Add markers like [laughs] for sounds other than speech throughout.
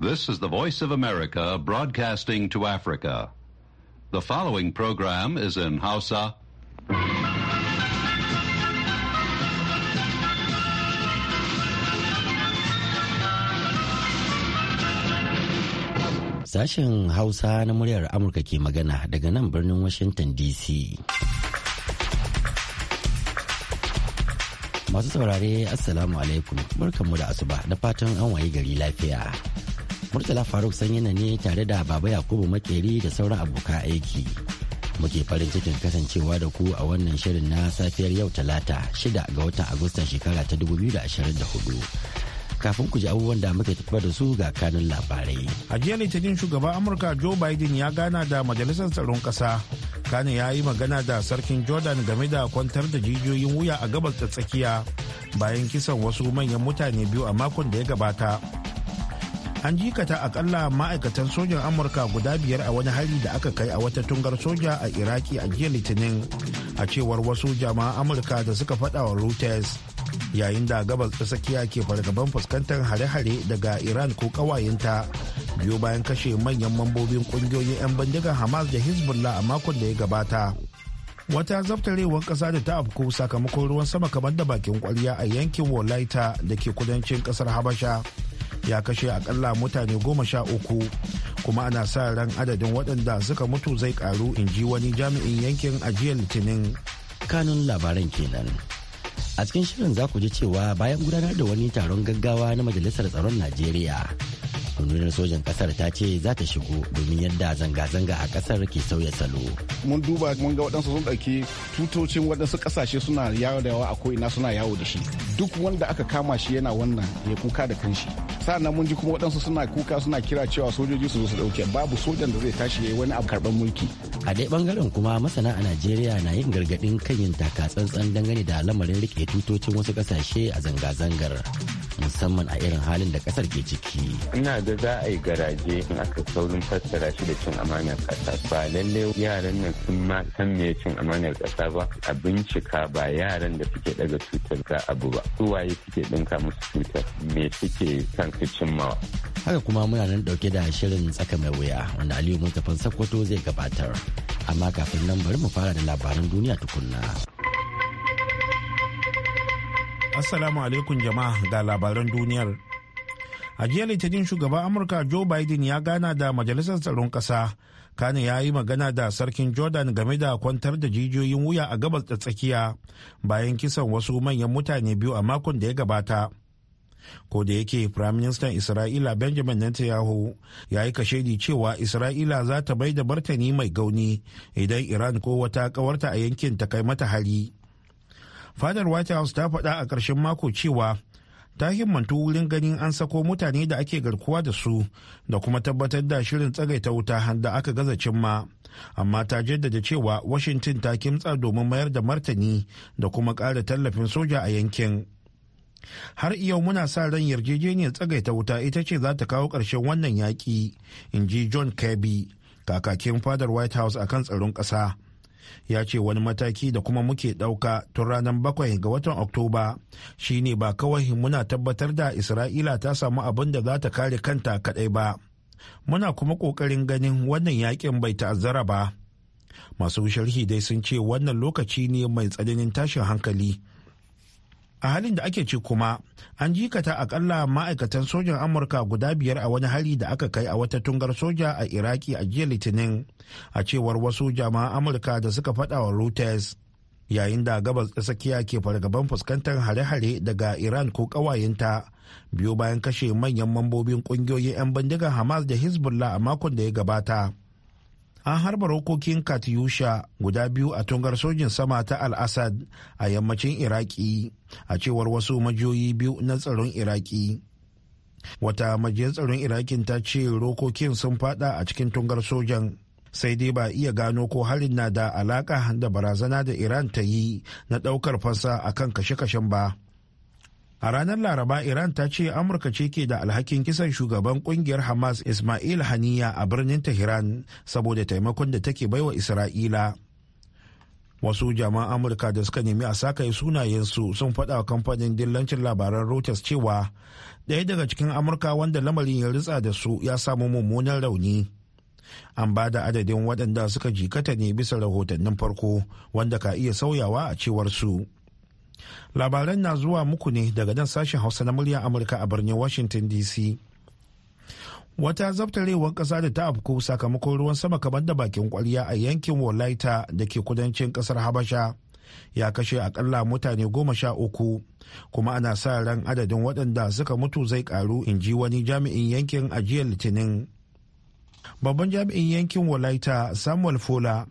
This is the Voice of America broadcasting to Africa. The following program is in Hausa. Sashen Hausa na muryar Amurka ke magana daga nan birnin Washington DC. Masu saurare, Assalamu alaikum, barkanmu da asuba da fatan an wayi gari lafiya. Murtala Faruk Sanyina ne tare da Baba Yakubu Makeri da sauran abokan aiki. Muke farin cikin kasancewa da ku a wannan shirin na safiyar yau talata shida ga watan Agustan shekara ta 2024. kafin ku ji abubuwan da muke tafiya da su ga kanun labarai. A jiya Litinin shugaban Amurka Joe Biden ya gana da majalisar tsaron ƙasa. Kane ya yi magana da sarkin Jordan game da kwantar da jijiyoyin wuya a gabas ta tsakiya bayan kisan wasu manyan mutane biyu a makon da ya gabata. an jikata akalla ma'aikatan sojan amurka guda biyar a wani hari da aka kai a wata tungar soja a iraki a jiya litinin a cewar wasu jama'an amurka da suka fada wa reuters yayin da gabas tsakiya ke fargaban fuskantar hare-hare daga iran ko ƙawayenta biyo bayan kashe manyan mambobin ƙungiyoyin 'yan bindigar hamas da hezbollah a makon da ya gabata wata zaftarewar ƙasa da ta afku sakamakon ruwan sama kamar da bakin kwarya a yankin wala'ita da ke kudancin kasar habasha ya kashe akalla mutane goma sha uku kuma ana sa ran adadin waɗanda suka mutu zai karu in ji wani jami'in yankin ajiyar litinin kanun labaran kenan a cikin shirin za ku ji cewa bayan gudanar da wani taron gaggawa na majalisar tsaron najeriya rundunar sojan kasar ta ce za ta shigo domin yadda zanga-zanga a kasar ke sauya salo mun duba mun ga waɗansu sun ɗauki tutocin waɗansu ƙasashe suna yawo da yawa a ko'ina suna yawo da shi duk wanda aka kama shi yana wannan ya kuka da kanshi sa'annan mun ji kuma waɗansu suna kuka suna kira cewa sojoji su zo su ɗauke babu sojan da zai tashi ya yi wani abu karɓar mulki a dai ɓangaren kuma masana a najeriya na yin gargaɗin kan yin taka tsantsan dangane da lamarin rike tutocin wasu kasashe a zanga-zangar musamman a irin halin da kasar ke ciki. Ina da za a yi garaje in aka saurin fassara shi da cin amanar kasa ba lalle yaran nan sun ma san me cin amanar kasa ba a bincika ba yaran da suke daga cutar ga abu ba su waye suke dinka musu cutar me suke kan su mawa. Haka kuma muna nan dauke da shirin tsaka mai wuya wanda Aliyu Mustapha Sokoto zai gabatar amma kafin nan bari mu fara da labaran duniya tukunna. Assalamu alaikum jama'a ga labaran duniyar. A jiya Litinin shugaban Amurka Joe Biden ya gana da Majalisar Tsaron Ƙasa. Kane ya yi magana da Sarkin Jordan game da kwantar da jijiyoyin wuya a gabas da tsakiya bayan kisan wasu manyan mutane biyu a makon da ya gabata. Ko da yake Firaministan Isra'ila Benjamin Netanyahu ya yi kashedi cewa Isra'ila za ta bai da martani mai gauni idan Iran ko wata kawarta a yankin ta kai mata hari. fadar white house ta faɗa a ƙarshen mako cewa ta himmantu wurin ganin an sako mutane da ake garkuwa da su da kuma tabbatar da shirin tsagaita wuta da aka gaza cimma amma ta jaddada cewa washington ta kimtsa domin mayar da martani da kuma ƙara tallafin soja a yankin har yau muna sa ran yarjejeniyar tsagaita wuta ita ce za ta kawo ƙarshen wannan yaƙi in ji john kirby kakakin fadar white house akan tsaron ƙasa ya ce wani mataki da kuma muke ɗauka tun ranar bakwai ga watan oktoba shine ba kawai muna tabbatar da isra'ila ta samu abin da za ta kare kanta kaɗai ba muna kuma ƙoƙarin ganin wannan yakin bai ta'azzara ba masu sharhi dai sun ce wannan lokaci ne mai tsananin tashin hankali a halin da ake ce kuma an jikata akalla ma'aikatan sojan amurka guda biyar a wani hari da aka kai a wata tungar soja a iraki a jiya litinin a cewar wasu jama'a amurka da suka fada wa reuters yayin da gabas tsakiya ke fargaban fuskantar hare-hare daga iran ko ƙawayenta biyu bayan kashe manyan mambobin ƙungiyoyin 'yan bindigar hamas da hezbollah a makon da ya gabata an harba rokokin katyusha guda biyu a tungar sojin sama ta al-assad a yammacin iraki a cewar wasu majiyoyi biyu na tsaron iraki wata majiyar tsaron irakin ta ce rokokin sun fada a cikin tungar sojan sai dai ba iya gano ko harin na da alaka da barazana da iran ta yi na daukar fansa akan kashe-kashen ba. A ranar Laraba Iran ta ce Amurka ce ke da alhakin kisan shugaban kungiyar Hamas Ismail Haniya a birnin Tehran saboda taimakon da take baiwa Isra'ila. Wasu jama'an Amurka da suka nemi a sakaye sunayensu sun faɗa wa kamfanin dillancin labaran Reuters cewa ɗaya daga cikin Amurka wanda lamarin ya ritsa da su ya samu mummunan rauni. An ba da adadin waɗanda suka jikata ne bisa rahotannin farko wanda ka iya sauyawa a cewar su. labaran na zuwa muku ne daga nan sashen hausa na murya amurka a birnin washington dc wata zaftarewar ƙasa da ta afku sakamakon ruwan sama kamar da bakin kwarya a yankin walaita da ke kudancin ƙasar habasha ya kashe akalla mutane goma sha uku kuma ana sa ran adadin waɗanda suka mutu zai karu in ji wani jami'in yankin ajiyar litinin babban jami'in yankin walaita samuel fola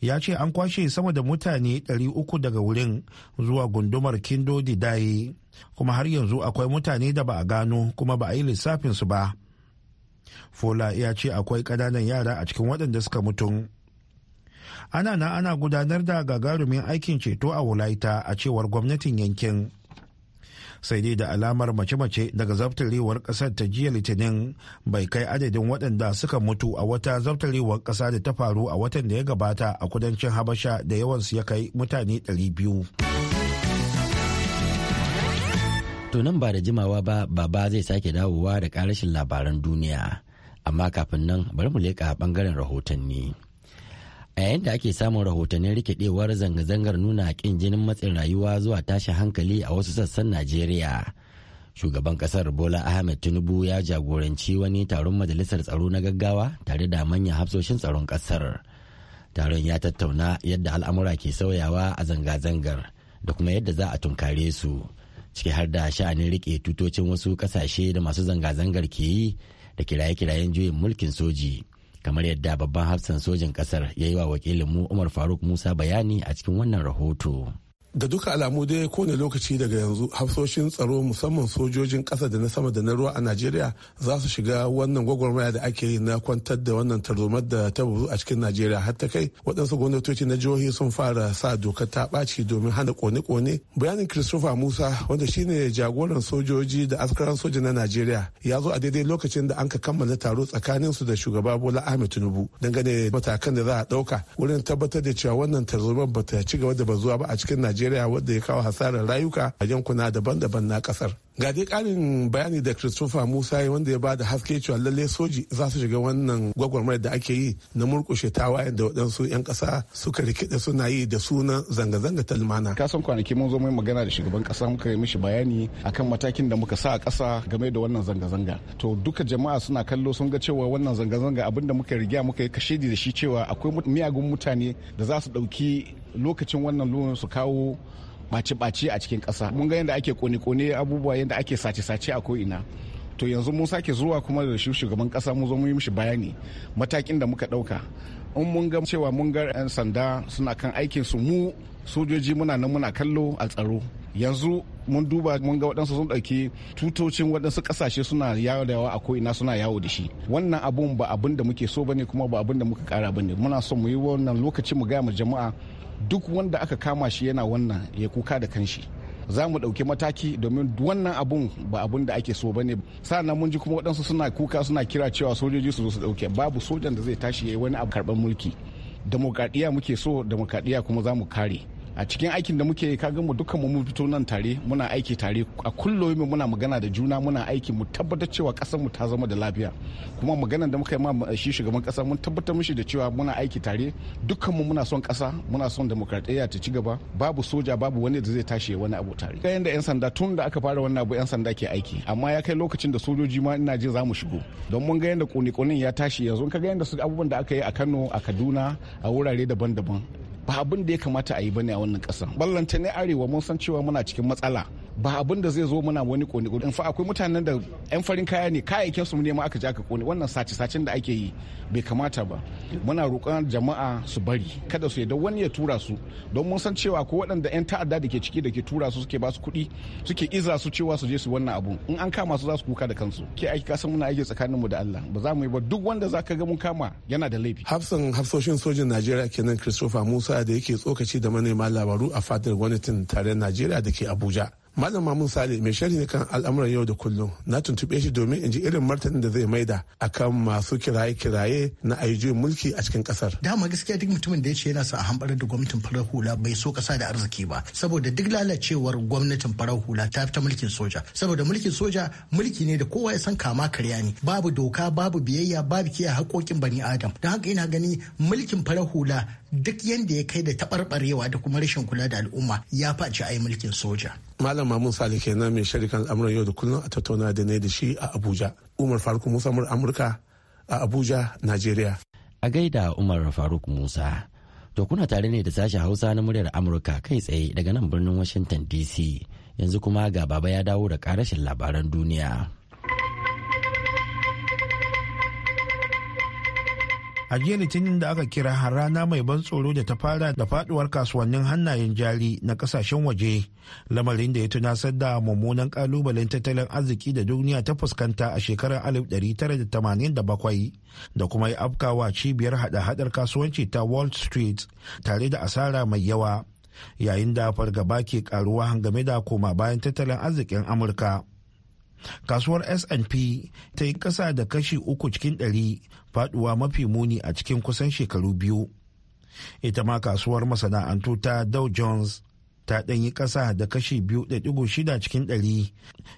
ya ce an kwashe sama da mutane 300 daga wurin zuwa gundumar kindo daye kuma har yanzu akwai mutane da ba a gano kuma ba a yi lissafinsu ba fola ya ce akwai ƙananan yara a cikin waɗanda suka mutu ana na ana gudanar da gagarumin aikin ceto a wulaita a cewar gwamnatin yankin sai dai da alamar mace-mace daga zaftarewar kasar ta jiya litinin bai kai adadin waɗanda suka mutu a wata zaftarewar ƙasa da ta faru a watan da ya gabata a kudancin habasha da yawansu ya kai mutane 200 To nan ba da jimawa ba baba zai sake dawowa da karashin labaran duniya. Amma kafin nan bari mu leƙa bangaren rahotanni. a yadda ake samun rahotannin rikidewar zanga-zangar nuna ƙin jinin matsin rayuwa zuwa tashin hankali a wasu sassan najeriya shugaban kasar bola ahmed tinubu ya jagoranci wani taron majalisar tsaro na gaggawa tare da manyan hafsoshin tsaron kasar taron ya tattauna yadda al'amura ke sauyawa a zanga-zangar da kuma yadda za a tunkare su ciki har da sha'anin rike tutocin wasu kasashe da masu zanga-zangar ke yi da kiraye-kirayen juyin mulkin soji kamar yadda babban hafsan sojin kasar ya yi wa wakilinmu umar faruk musa bayani a cikin wannan rahoto da duka alamu dai kowane lokaci daga yanzu hafsoshin tsaro musamman sojojin kasa da na sama da na ruwa a najeriya za su shiga wannan gwagwarmaya da ake yi na kwantar da wannan tarzomar da ta buzu a cikin najeriya har ta kai waɗansu gwamnatoci na jihohi sun fara sa dokar ta ɓaci domin hana kone-kone bayanin christopher musa wanda shine jagoran sojoji da askaran soja na najeriya ya zo a daidai lokacin da an ka kammala taro tsakanin su da shugaba bola ahmed tinubu dangane matakan da za a ɗauka wurin tabbatar da cewa wannan tarzomar ba ta ci gaba da bazuwa ba a cikin najeriya najeriya wadda ya kawo hasarar rayuka a yankuna daban-daban na kasar ga dai karin bayani da christopher musa wanda ya bada haske cewa lalle soji za su shiga wannan gwagwarmar da ake yi na murkushe tawayen da waɗansu 'yan ƙasa suka rikide suna yi da sunan zanga-zanga ta lumana ka san kwanaki mun zo mai magana da shugaban ƙasa muka yi mishi bayani akan matakin da muka sa a ƙasa game da wannan zanga-zanga to duka jama'a suna kallo sun ga cewa wannan zanga-zanga abin da muka riga muka yi kashedi da shi cewa akwai miyagun mutane da za su ɗauki lokacin wannan luwan su kawo ɓaci bace a cikin ƙasa mun ga yadda ake kone-kone abubuwa yadda ake sace-sace a ko'ina to yanzu mun sake zuwa kuma da shi shugaban kasa mun zo mun yi mishi bayani matakin da muka ɗauka in mun ga cewa mun ga 'yan sanda suna kan aikin su mu sojoji muna nan muna kallo a tsaro yanzu mun duba mun ga waɗansu sun ɗauki tutocin waɗansu ƙasashe suna yawo da yawa a ko'ina suna yawo da shi wannan abun ba abin da muke so bane kuma ba abin da muka ƙara bane muna so mu yi wannan lokaci mu gaya ma jama'a duk wanda aka kama shi yana wannan ya kuka da kanshi za mu ɗauki mataki domin wannan abun ba abun da ake so ba ne sa'annan mun ji kuma waɗansu suna kuka suna kira cewa sojoji su zo su ɗauke babu sojan da zai tashi ya yi wani abu karɓar mulki demokradiyya muke so demokradiyya kuma za mu kare a cikin aikin da muke ka mu dukkan mu fito nan tare muna aiki tare a kullum muna magana da juna muna aiki mu tabbatar cewa kasar mu ta zama da lafiya kuma maganar da muka yi ma eh, shi shugaban kasa mun tabbatar mishi da cewa muna aiki tare dukkan mu muna son kasa muna son demokradiyya ta ci gaba babu soja babu wani da zai tashi wani abu tare ga yanda yan sanda tun da aka fara wannan abu yan sanda ke aiki amma ya kai lokacin da sojoji ma ina jin zamu shigo don mun ga yanda kuni kunin ya tashi yanzu ka ga yanda su abubuwan da aka yi a Kano a Kaduna a wurare daban-daban ba abin da ya kamata a yi bane a wannan kasan ballanta ne arewa mun san cewa muna cikin matsala ba abin da zai zo muna wani kone kone in fa akwai mutanen da yan farin kaya ne kayayyakin su ne ma aka ji aka kone wannan sace sacen da ake yi bai kamata ba muna roƙon jama'a su bari kada su yadda wani ya tura su don mun san cewa ko waɗanda yan ta'adda da ke ciki da ke tura su suke ba su kuɗi suke iza su cewa su je su wannan abun in an kama su za su kuka da kansu ke aiki kasan muna aiki tsakanin mu da Allah ba za mu yi ba duk wanda za ka ga mun kama yana da laifi hafsan hafsoshin sojin Najeriya kenan Christopher Musa da yake tsokaci da manema labaru a fadar gwamnatin tarayyar Najeriya da ke Abuja malam mamun sale mai sharhi ne kan al'amuran yau da kullum na tuntuɓe shi domin in ji irin martanin da zai maida akan masu kiraye-kiraye na ayyujin mulki a cikin kasar dama gaskiya duk mutumin da ya ce yana sa a hambarar da gwamnatin farar hula bai so kasa da arziki ba saboda duk lalacewar gwamnatin farar hula ta fita mulkin soja saboda mulkin soja mulki ne da kowa ya san kama karya ne babu doka babu biyayya babu kiyaye haƙoƙin bani adam don haka ina gani mulkin farar hula duk yadda ya kai da taɓarɓarewa da kuma rashin kula da al'umma ya faci a yi mulkin soja. Malam Mamun Salih kenan mai shirikan al'amuran yau da kullum a tattauna da ne da shi a Abuja. Umar Faruk Musa Amurka a Abuja, Najeriya. A gaida Umar Faruk Musa. To kuna tare ne da sashen Hausa na muryar Amurka kai tsaye daga nan birnin Washington DC. Yanzu kuma ga baba ya dawo da karashin labaran duniya. a jiya litinin da aka kira rana mai ban tsoro da ta fara da faduwar kasuwannin hannayen jari na kasashen waje lamarin da ya tunasar da mummunan kalubalen tattalin arziki da duniya ta fuskanta a shekarar 1987 da kuma ya afkawa cibiyar hada-hadar kasuwanci ta wall street tare da asara mai yawa yayin da fargaba ke karuwa game da koma bayan tattalin arzikin amurka kasuwar S&P ta yi kasa da kashi uku cikin ɗari faduwa mafi muni a cikin kusan shekaru biyu. Ita ma kasuwar masana'antu ta Dow Jones ta ɗanyi kasa da kashi biyu da ɗigo shida cikin ɗari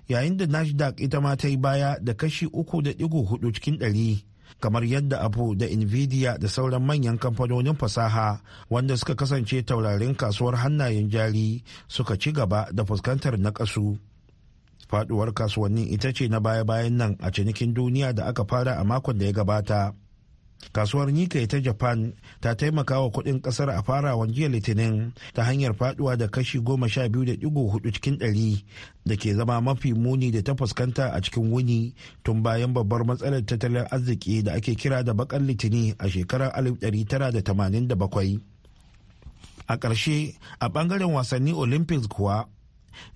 yayin da Nasdaq ita ma ta yi baya da kashi uku da ɗigo hudu cikin ɗari. kamar yadda abu da nvidia da sauran manyan kamfanonin fasaha wanda suka kasance taurarin kasuwar hannayen jari suka ci gaba da fuskantar nakasu. faduwar kasuwannin ita ce na baya-bayan nan a cinikin duniya da aka fara a makon da ya gabata kasuwar nika ta japan ta taimaka wa kudin kasar a farawan jiya litinin ta hanyar faduwa da kashi goma sha biyu da digo hudu cikin ɗari da ke zama mafi muni da ta fuskanta a cikin wuni tun bayan babbar matsalar tattalin arziki da ake kira da bakar litini a shekarar 1987 a ƙarshe a ɓangaren wasanni olympics kuwa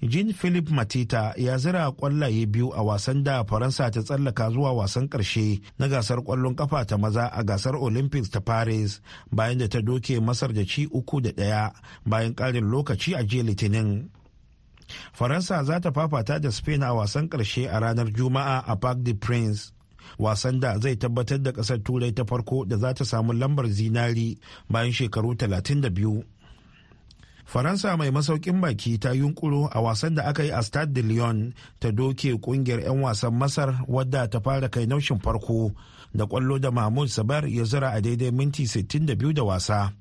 jean-philippe matita ya zira kwallaye biyu a wasan da faransa ta tsallaka zuwa wasan karshe na gasar kwallon kafa ta maza a gasar olympics ta paris bayan da ta doke masar da ci uku da daya bayan karin lokaci a jiya litinin faransa za ta fafata da spain a wasan karshe a ranar juma'a a park de prince wasan da zai tabbatar da kasar turai ta farko da za ta samu lambar zinari bayan shekaru 32 faransa mai masaukin baki ta yunkuro a wasan da aka yi a stade de lyon ta doke kungiyar 'yan wasan masar wadda ta fara kai naushin farko da kwallo da mahmud sabar ya zira a daidai minti 62 da wasa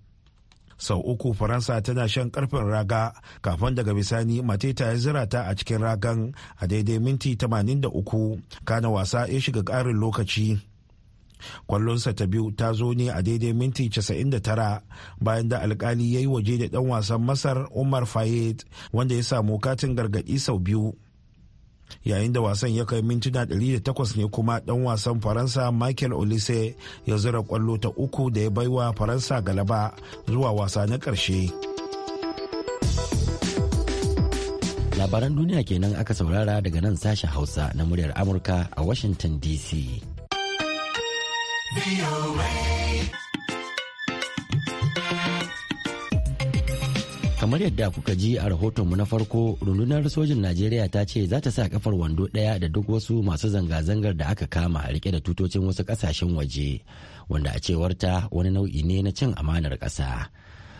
sau uku faransa tana shan karfin raga kafin daga bisani mateta ya zira ta a cikin ragan a daidai minti 83 kana wasa ya shiga ƙarin lokaci kwallonsa ta biyu ta zo ne a daidai minti 99 bayan da alkali ya yi waje da dan wasan masar umar fayed wanda ya samu katin gargadi sau biyu yayin da wasan ya kai mintuna 108 ne kuma dan wasan faransa michael olise ya zura kwallo ta uku da ya baiwa faransa galaba zuwa wasa na karshe labaran duniya kenan aka saurara daga nan sashen hausa na muryar amurka a washington dc kamar yadda kuka ji a rahotonmu na farko rundunar sojin najeriya ta ce za ta sa kafar wando ɗaya da duk wasu masu zanga-zangar da aka kama rike da tutocin wasu ƙasashen waje wanda a cewarta wani nau'i ne na cin amanar ƙasa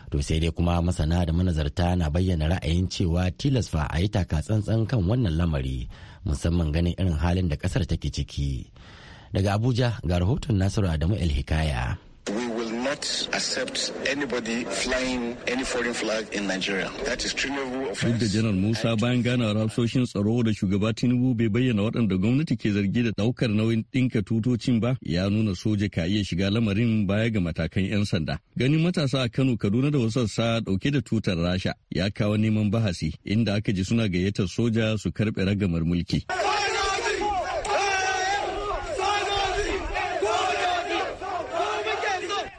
to sai dai kuma masana da manazarta na bayyana ra'ayin cewa tilas fa a yi taka tsantsan kan wannan lamari musamman ganin irin halin da ƙasar take ciki. daga abuja ga rahoton nasiru adamu el hikaya not accept anybody flying any foreign flag in Nigeria. That is Duk da Janar Musa bayan ganawar rasoshin tsaro da shugaba Tinubu bai bayyana waɗanda gwamnati ke zargi da ɗaukar nauyin ɗinka tutocin ba ya nuna soja ka iya shiga lamarin baya ga matakan 'yan sanda. Ganin matasa a Kano Kaduna da wasu sassa ɗauke da tutar Rasha ya kawo neman bahasi inda aka ji suna gayyatar soja su karɓe ragamar mulki.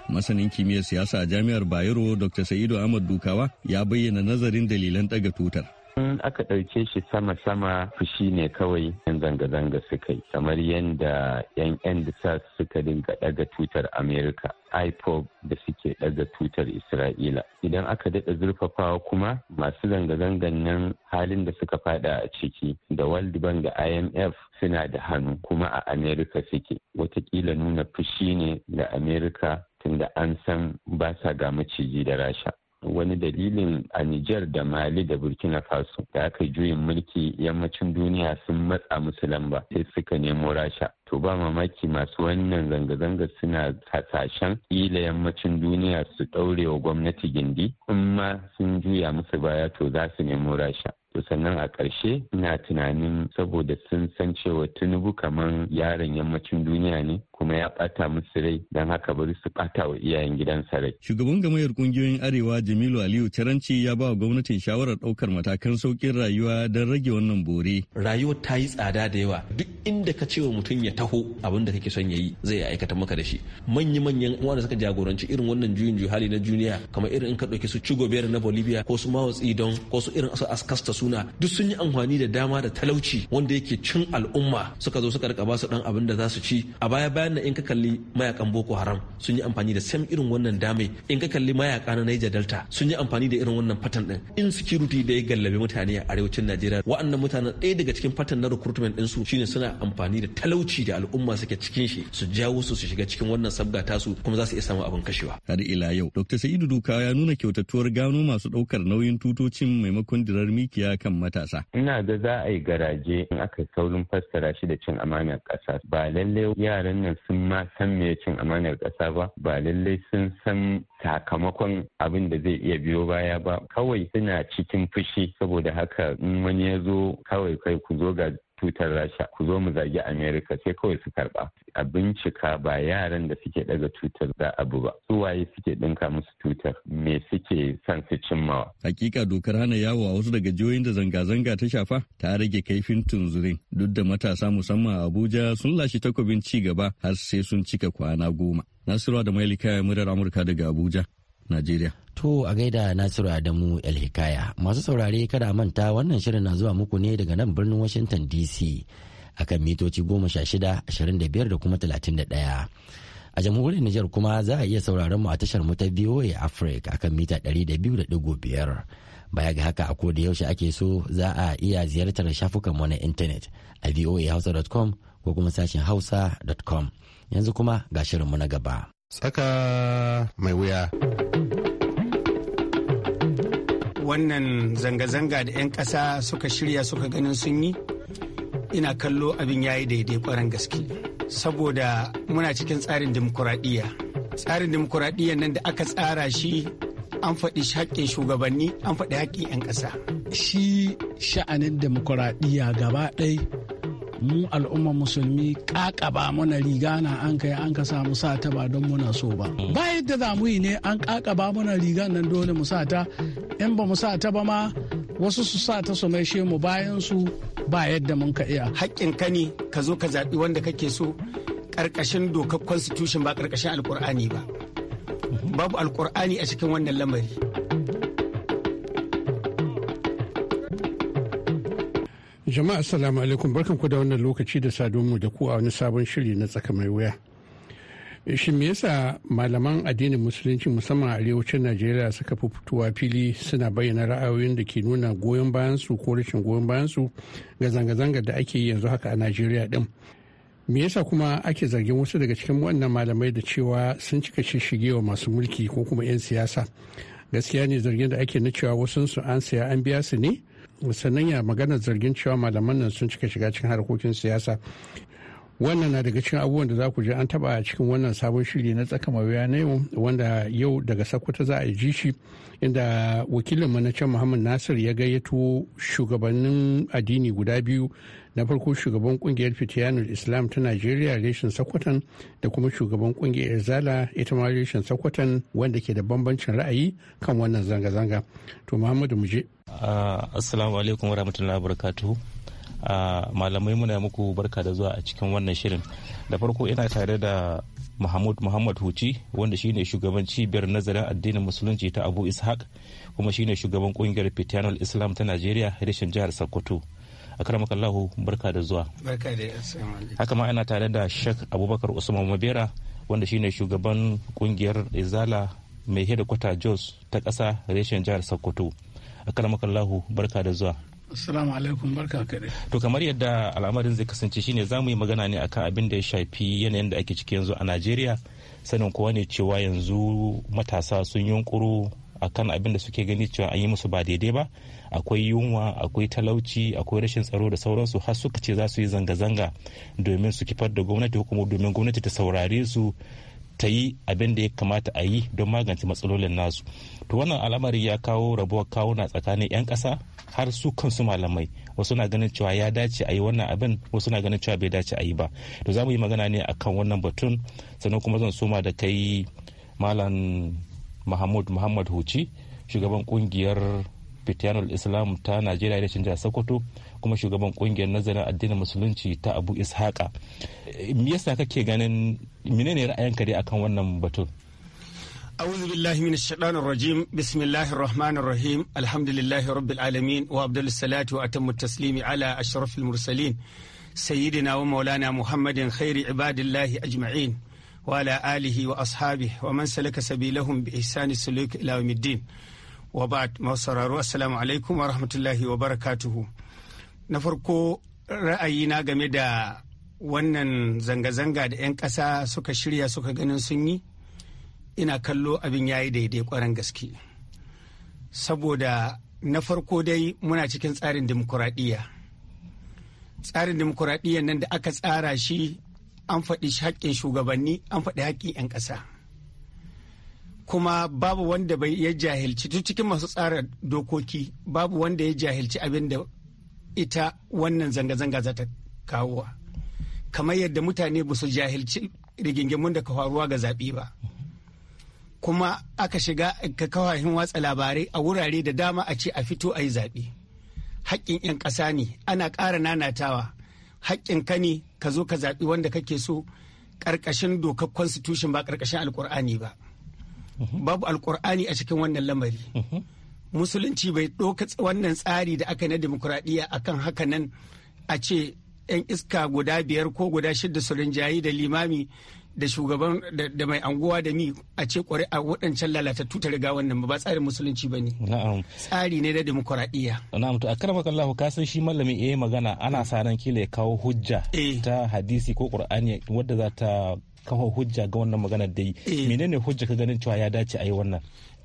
masanin kimiyyar siyasa a jami'ar bayero dr sa'idu ahmad dukawa ya bayyana nazarin dalilan ɗaga tutar in aka ɗauke shi sama-sama fushi ne kawai yan zanga-zanga suka yi kamar yadda yan yan suka dinga ɗaga tutar amerika ipob da suke ɗaga tutar isra'ila idan aka daɗa zurfafawa kuma masu zanga-zangan nan halin da suka fada a ciki da world bank da imf suna da hannu kuma a amerika suke watakila nuna fushi ne da amerika tunda an san ba sa ga maciji da rasha wani dalilin a Nijar da Mali da Burkina Faso da aka juyin mulki yammacin duniya sun matsa musu lamba sai suka nemo rasha. To ba mamaki masu wannan zanga-zanga suna hasashen ila yammacin duniya su ɗaure wa gwamnati gindi in ma sun juya musu baya to za su nemo rasha. To sannan a ƙarshe ina tunanin saboda sun san cewa Tinubu kamar yaron yammacin duniya ne kuma ya ɓata musu rai don haka bari su ɓata wa iyayen gidansa rai. Shugaban gamayar kungiyoyin Arewa Jamilu Aliyu Taranci ya ba wa gwamnatin shawarar daukar matakan saukin rayuwa don rage wannan bore. rayuwa ta yi tsada da yawa duk inda ka ce wa mutum ya taho abin da kake son ya yi zai aikata maka da shi. manya manyan wanda suka jagoranci irin wannan juyin hali na duniya kamar irin in ka ɗauki su Chigo Bear na Bolivia ko su Mao Zedong ko su irin su Askasta suna duk sun yi amfani da dama da talauci wanda yake cin al'umma suka zo suka rika ba su dan abin da za su ci a baya baya bayan nan in ka kalli mayakan boko haram sun yi amfani da sam irin wannan dame in ka kalli mayaka na niger delta sun yi amfani da irin wannan fatan din security da ya gallabe mutane a arewacin najeriya wa'annan mutanen ɗaya daga cikin fatan na recruitment din su shine suna amfani da talauci da al'umma suke cikin shi su jawo su su shiga cikin wannan sabga tasu kuma za su iya samu abin kashewa har ila yau dr sa'idu duka ya nuna kyautattuwar gano masu ɗaukar nauyin tutocin maimakon dirar mikiya kan matasa ina da za a yi garaje in aka saurin fassara shi da cin amanar ƙasa ba lallai yaran nan sun ma san me cin amanar ƙasa ba ba lallai sun san sakamakon abin da zai iya biyo baya ba kawai suna cikin fushi saboda haka in wani ya zo kawai kai ku zo ga tutar rasha ku zo mu zagi Amerika sai kawai su karba a bincika ba yaran da suke daga tutar za abu ba su waye suke dinka musu tutar me suke son su cimmawa hakika dokar hana yawo a wasu daga jihohin da zanga-zanga ta shafa ta rage kaifin tunzurin duk da matasa musamman a abuja sun lashe takobin ci gaba har sai sun cika kwana goma nasiru da mailika murar amurka daga abuja Najeriya. To a gaida Nasiru Adamu hikaya masu saurare kada manta wannan shirin na zuwa muku ne daga nan birnin Washington DC akan mitoci goma shida ashirin da biyar da kuma talatin da ɗaya. A jamhuriyar Nijar kuma za a iya sauraron mu a tashar mu ta VOA Africa akan mita ɗari da biyu da Baya ga haka a da yaushe ake so za a iya ziyartar shafukan mu na intanet a voahausa.com ko kuma sashen hausa.com. Yanzu kuma ga shirinmu na gaba. Tsaka mai wuya. wannan zanga-zanga da 'yan ƙasa suka shirya suka ganin sun yi ina kallo abin yayi daidai kwaran gaske saboda muna cikin tsarin dimokuraɗiyya tsarin dimokuraɗiyya nan da aka tsara shi an faɗi haƙƙin shugabanni an faɗi haƙƙin 'yan ƙasa shi sha'anin dimokuraɗiyya gaba ɗaya mu al'umma musulmi kakaba mana riga na an kai an ka samu sata ba don muna so ba ba yadda za mu yi ne an kakaba muna riga nan dole mu sata in ba mu sata ba ma wasu su sata su maishe mu bayan su ba yadda mun ka iya haƙƙin ka ne ka zo ka zaɓi wanda kake so ƙarƙashin dokar constitution ba ƙarƙashin alƙur'ani ba babu alƙur'ani a cikin wannan lamari Jama'a assalamu alaikum ku da wannan lokaci da mu da ku a wani sabon shiri na tsaka mai wuya. Shin me yasa malaman addinin musulunci musamman a arewacin Najeriya suka fi fitowa fili suna bayyana ra'ayoyin da ke nuna goyon bayansu ko rashin goyon bayansu ga zanga-zangar da ake yi yanzu haka a Najeriya din. Me yasa kuma ake zargin wasu daga cikin wannan malamai da cewa sun cika shishigewa masu mulki ko kuma 'yan siyasa. Gaskiya ne zargin da ake na cewa wasunsu an siya an biya su ne sannan ya magana zargin cewa malaman nan sun cika shiga cikin harkokin siyasa wannan na daga cikin abubuwan da za ku je an taba a cikin wannan sabon shiri na tsaka mawuya na yau wanda yau daga sakkwata za a ji shi inda wakilin na can muhammad nasir ya gayyato shugabannin addini guda biyu na farko shugaban kungiyar fitiyanul islam ta najeriya reshen sakkwatan da kuma shugaban kungiyar zala ita ma reshen sakkwatan wanda ke da bambancin ra'ayi kan wannan zanga-zanga to muhammadu muje ah, assalamu alaikum warahmatullahi wabarakatuh malamai muna muku barka da zuwa a cikin wannan shirin da farko ina tare da mahmud muhammad huci wanda shine shugaban cibiyar nazarin addinin musulunci ta abu ishaq kuma shine shugaban kungiyar fitianul islam ta najeriya reshen jihar sokoto a akramakallahu barka da zuwa haka ma ana tare da shek abubakar usman mabera wanda shine shugaban kungiyar izala mai hedikwata jos ta ƙasa reshen jihar sokoto a akramakallahu barka da zuwa Assalamu alaikum barka kaɗai. To kamar yadda al'amarin zai kasance shine za mu yi magana ne akan abin da ya shafi yanayin da ake ciki yanzu a Najeriya. Sanin kowa ne cewa yanzu matasa sun yunkuru akan abin da suke gani cewa an yi musu ba daidai ba akwai yunwa akwai talauci akwai rashin tsaro da sauransu har suka ce za su yi zanga-zanga domin su kifar da gwamnati ko kuma domin gwamnati ta saurare su ta yi abin da ya kamata a yi don magance matsalolin nasu to wannan al'amari ya kawo rabuwar kawuna tsakanin 'yan ƙasa har su kansu malamai wasu na ganin cewa ya dace a yi wannan abin wasu na ganin cewa bai dace a yi ba to za mu yi magana ne akan wannan batun sannan kuma zan soma da kai malam mahmud muhammad huci shugaban kungiyar fitiyanul islam ta najeriya da cinja sokoto kuma shugaban kungiyar nazarin addinin musulunci ta abu ishaqa me yasa kake ganin menene ra'ayinka dai akan wannan batun أعوذ بالله من الشيطان الرجيم بسم الله الرحمن الرحيم الحمد لله رب العالمين وأفضل الصلاة وأتم التسليم على أشرف المرسلين سيدنا ومولانا محمد خير عباد الله أجمعين وعلى آله وأصحابه ومن سلك سبيلهم بإحسان السلوك إلى يوم الدين وبعد ما السلام عليكم ورحمة الله وبركاته na farko ra'ayina game da wannan zanga-zanga da 'yan ƙasa suka shirya suka ganin sun yi ina kallo abin ya yi daidai kwaran gaske saboda na farko dai muna cikin tsarin dimokuraɗiyya tsarin dimokuraɗiyya nan da aka tsara shi an faɗi haƙƙin shugabanni an faɗi haƙƙin 'yan ƙasa kuma babu wanda bai ya jahilci tun cikin masu tsara dokoki babu wanda ya jahilci abin da ita wannan zanga-zanga za ta kawo kamar yadda mutane ba su jahilci rigingimun da ka faruwa ga zaɓe ba kuma aka shiga ka kawahin watsa labarai a wurare da dama a ce a fito a yi zaɓe haƙƙin 'yan ƙasa ne ana ƙara nanatawa haƙƙin ka ne ka zo ka zaɓi wanda kake so ƙarƙashin dokar constitution ba ƙarƙashin alƙur'ani ba mhm. babu alƙur'ani a cikin wannan lamari mhm. musulunci bai ɗoka wannan tsari da aka na demokuraɗiyya akan haka nan a ce 'yan iska guda biyar ko guda shida su rinjayi da limami da shugaban da mai anguwa da mi a ce ƙuri'a waɗancan lalatattu ta riga wannan ba tsarin musulunci ba ne. Na'am. Tsari ne na demokuraɗiyya. Na'am to a karfa kallahu ka san shi malamin yayi eh, magana ana sa ran kila ya kawo hujja eh. ta hadisi ko Qur'ani wadda za ta kawo hujja ga wannan maganar da yi. Eh. Menene hujja ka ganin cewa ya dace a yi wannan?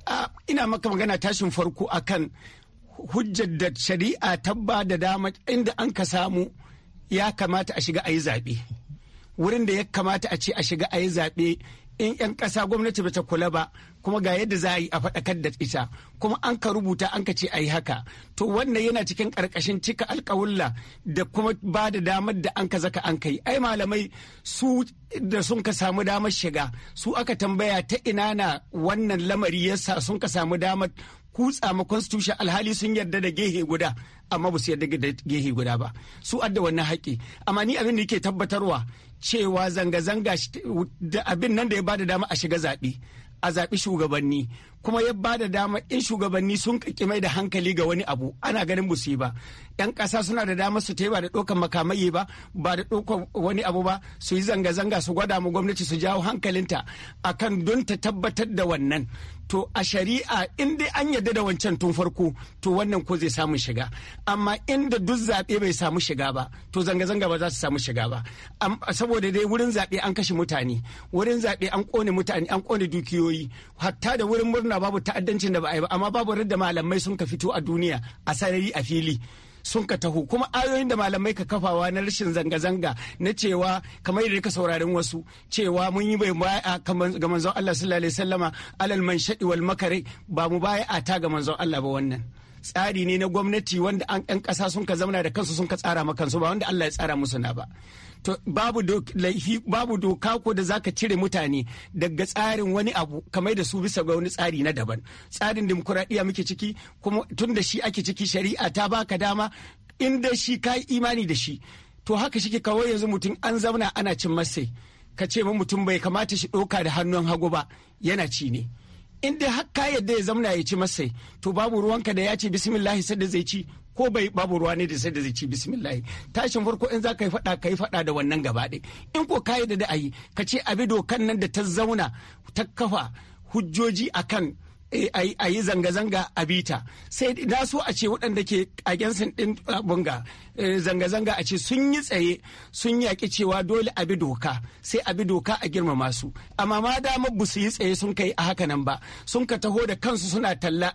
Ah, ina maka magana tashin farko akan hujjar da shari'a tabba da dama inda an ka samu ya kamata a shiga a yi zaɓe wurin da ya kamata a ce a shiga a yi zaɓe in 'yan ƙasa gwamnati bata kula ba kuma ga yadda za a yi a faɗakar da ita kuma an ka rubuta an ka ce a yi haka to wannan yana cikin ƙarƙashin cika alƙawulla da kuma ba da damar da an ka zaka an kai ai malamai su da sun ka samu damar shiga su aka tambaya ta ina na wannan lamari yasa sun ka samu damar kutsa ma constitution alhali sun yarda da gehe guda amma ba su yarda da gehe guda ba su adda wannan haƙƙi amma ni abin da yake tabbatarwa cewa zanga-zanga abin nan da ya bada dama a shiga zaɓe a zaɓi shugabanni kuma ya ba da dama in shugabanni sun kaki mai da hankali ga wani abu ana ganin ba yi ba yan ƙasa suna da dama su ta ba da ɗaukan makamai ba ba da ɗaukan wani abu ba su yi zanga-zanga su gwada mu gwamnati su jawo hankalinta akan don ta tabbatar da wannan to a shari'a in dai an yarda da wancan tun farko to wannan ko zai samu shiga amma inda duk zaɓe bai samu shiga ba to zanga-zanga ba za su samu shiga ba saboda dai wurin zaɓe an kashe mutane wurin zaɓe an ƙone mutane an ƙone dukiyoyi hatta da wurin murna nuna babu ta'addancin da ba a yi ba amma babu da malamai sun ka fito a duniya a sarari a fili sun ka taho kuma ayoyin da malamai ka kafawa na rashin zanga-zanga na cewa kamar yadda ka saurarin wasu cewa mun yi bai ga manzon Allah sallallahu alaihi wasallama alal manshadi wal makare ba mu baya ta ga manzon Allah ba wannan tsari ne na gwamnati wanda an ƙasa sun ka zamana da kansu sun ka tsara ma kansu ba wanda Allah ya tsara musu na ba babu doka ko da zaka cire mutane daga tsarin wani abu kamar da su bisa ga wani tsari na daban tsarin dimokuraɗiyya muke ciki kuma tun da shi ake ciki shari'a ta baka dama inda shi ka yi imani da shi to haka shi kawai yanzu mutum an zauna ana cin masai ka ce mutum bai kamata shi ɗauka da hannun hagu ba yana ci ne. in dai har ka yadda ya zamana ya ci masai to babu ruwanka da ya ce bismillah sai da zai ci ko bai babu ruwa ne da sai da zai ci bismillah tashin farko in za ka yi fada ka yi fada da wannan gaba in ko ka yadda da ayi ka ce abi dokan nan da ta zauna ta kafa hujjoji akan Eh, a yi zanga-zanga a bita sai na so a ce waɗanda ke a agensin ɗin uh, bunga eh, zanga-zanga a ce sun yi tsaye sun yaƙi cewa dole a bi doka sai a bi doka a girmama su amma ma dama su yi tsaye sun kai a haka nan ba sun ka taho da kansu suna talla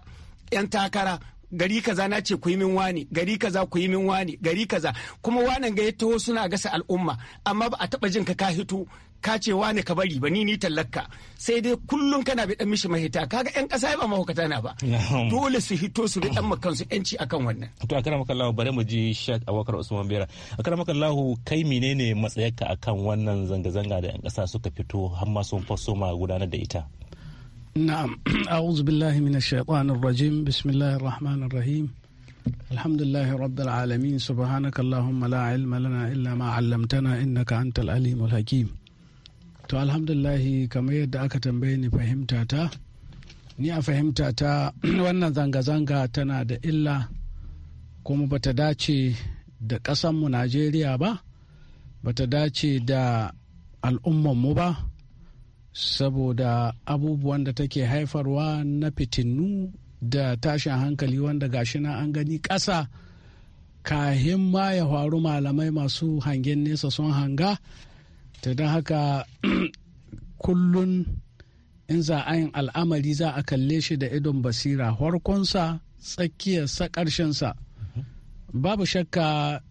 'yan takara gari kaza na ce ku yi min wani gari kaza ku yi min wani gari kaza kuma wanan ga ya taho suna gasa al'umma amma ba a taba jin ka ka hito ka ce wani ka bari ba ni ni tallaka sai dai kullum kana bi dan mishi mahita kaga yan kasa ba mahukata na ba [laughs] dole su hito su bi dan kansu yanci akan wannan to a karamar Allah bari mu ji shak abokar Usman Bera a karamar Allah kai menene matsayarka akan wannan zanga zanga da yan kasa suka fito har ma sun faso ma gudanar da ita na'am [clears throat] a'udhu billahi minash shaitanir rajim bismillahir rahmanir rahim alhamdulillahi rabbil alamin subhanaka allahumma la ilma lana illa ma 'allamtana innaka antal alimul hakim to alhamdulillahi kamar yadda aka tambaye ni fahimta ta ni a fahimta ta [clears throat] wannan zanga-zanga tana da illa kuma bata dace da ƙasanmu najeriya ba bata dace da mu ba saboda abubuwan da take haifarwa na fitinu da tashin hankali wanda gashi na an gani ƙasa kahin ma ya faru malamai masu hangen nesa sun hanga ta don haka [clears throat] kullun in za a yin al'amari za a kalle shi da idon basira harkonsa tsakiyarsa ƙarshensa babu shakka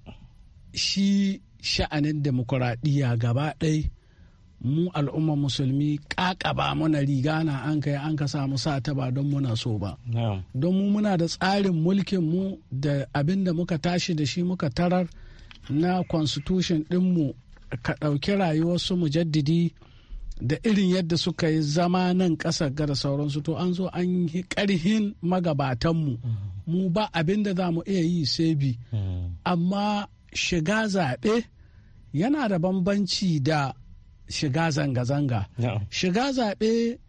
shi sha'anin demokuraɗiyya gaba ɗaya. mu al'umma musulmi kakaba mana riga na an kai an ka samu sa ta ba don muna so ba don mu muna da tsarin mulkin mu da abin da muka tashi da shi muka tarar na constitution mu. ka ɗauki rayuwarsu mujaddidi da irin yadda suka yi zama nan ƙasar ga da sauransu to an zo an yi ƙarhin magabatanmu mm. mu ba abin da za mu iya yi sai bi mm. amma shiga zaɓe yana da bambanci da shiga zanga-zanga shiga zaɓe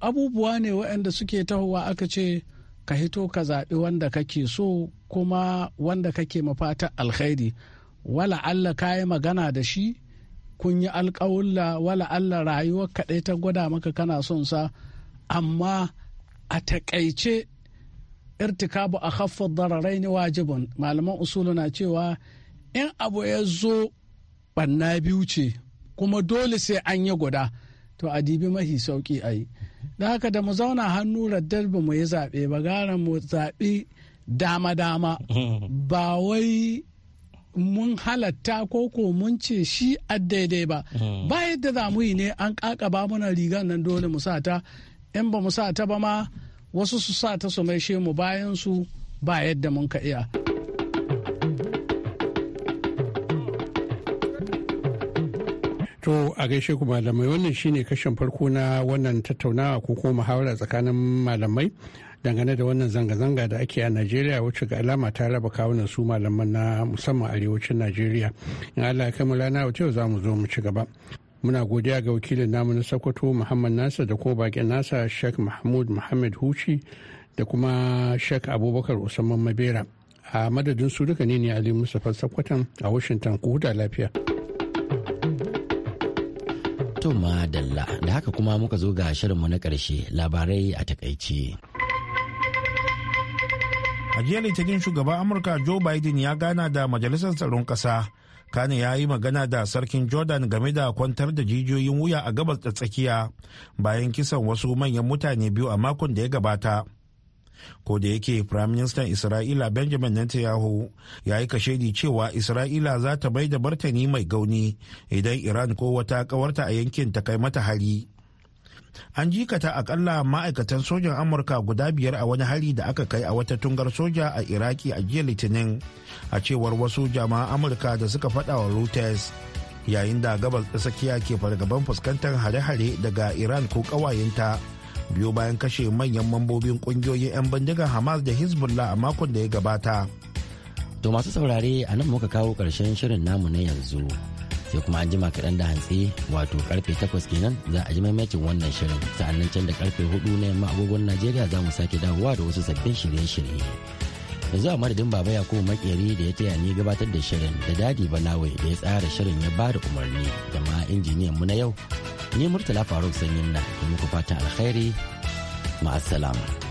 abubuwa ne waɗanda suke tahowa aka ce ka hito ka zaɓi wanda kake so kuma wanda kake mafata alkhairi wala Allah ka yi magana da shi kun yi alkawulla wala Allah rayuwar kaɗai ta gwada maka kana son sa amma a taƙaice irtikabu a haffar dararai ne wajibin malaman usulu na cewa in abu ya zo ɓanna biyu ce kuma dole sai an yi guda to a dibi mahi sauki a yi da haka da mu zauna hannu raddar ba mu yi zaɓe ba gara mu zaɓi dama-dama [laughs] ba wai mun halatta ko ko mun ce shi a daidai ba [laughs] ba yadda za mu yi ne an ba mana rigar nan dole mu sata in ba mu sata ba ma wasu su sata ta su maishe mu bayan su ba yadda mun ka iya. To a gaishe ku malamai wannan shine kashin farko na wannan tattaunawa ko kuma muhawara tsakanin malamai dangane da wannan zanga-zanga da ake a Najeriya wacce ga alama ta raba kawunan su malaman na musamman arewacin Najeriya. In Allah ya kai mu rana yau za mu zo mu ci gaba. muna godiya ga wakilin namu na sokoto muhammad nasa da ko bakin nasa sheikh mahmud muhammad huci da kuma sheikh abubakar usman mabera a madadin su duka ne ne ali Musa sakwatan a washington ku huta lafiya To madalla da haka kuma muka zo ga shirinmu na karshe labarai a takaici. A jiya litinin shugaban Amurka Joe Biden ya gana da majalisar tsaron ƙasa. Kane ya yi magana da sarkin Jordan game da kwantar da jijiyoyin wuya a gabas da tsakiya bayan kisan wasu manyan mutane biyu a makon da ya gabata. ko da yake firaministan isra'ila benjamin netanyahu ya yi kashedi cewa isra'ila za ta bai da martani mai gauni idan iran ko wata kawarta a yankin ta kai mata hari an jikata akalla ma'aikatan sojan amurka guda biyar a wani hari da aka kai a wata tungar soja a iraki a jiya litinin a cewar wasu jama'a amurka da suka fada wa reuters yayin da gabas tsakiya ke fargaban fuskantar hare-hare daga iran ko ƙawayenta biyo bayan kashe manyan mambobin kungiyoyin 'yan bindigar hamas da hezbollah a makon da ya gabata to masu saurare a nan muka kawo karshen shirin namu na yanzu sai kuma an jima kaɗan da hantsi wato karfe takwas kenan za a ji maimacin wannan shirin sa'annan can da karfe hudu na yamma agogon najeriya za mu sake dawowa da wasu sabbin shirye-shirye yanzu a madadin baba yakubu makeri da ya taya ni gabatar da shirin da dadi banawe da ya tsara shirin ya bada umarni da ma injiniyan mu na yau ni murtala faruk sanyin na muku fatan alkhairi maasalama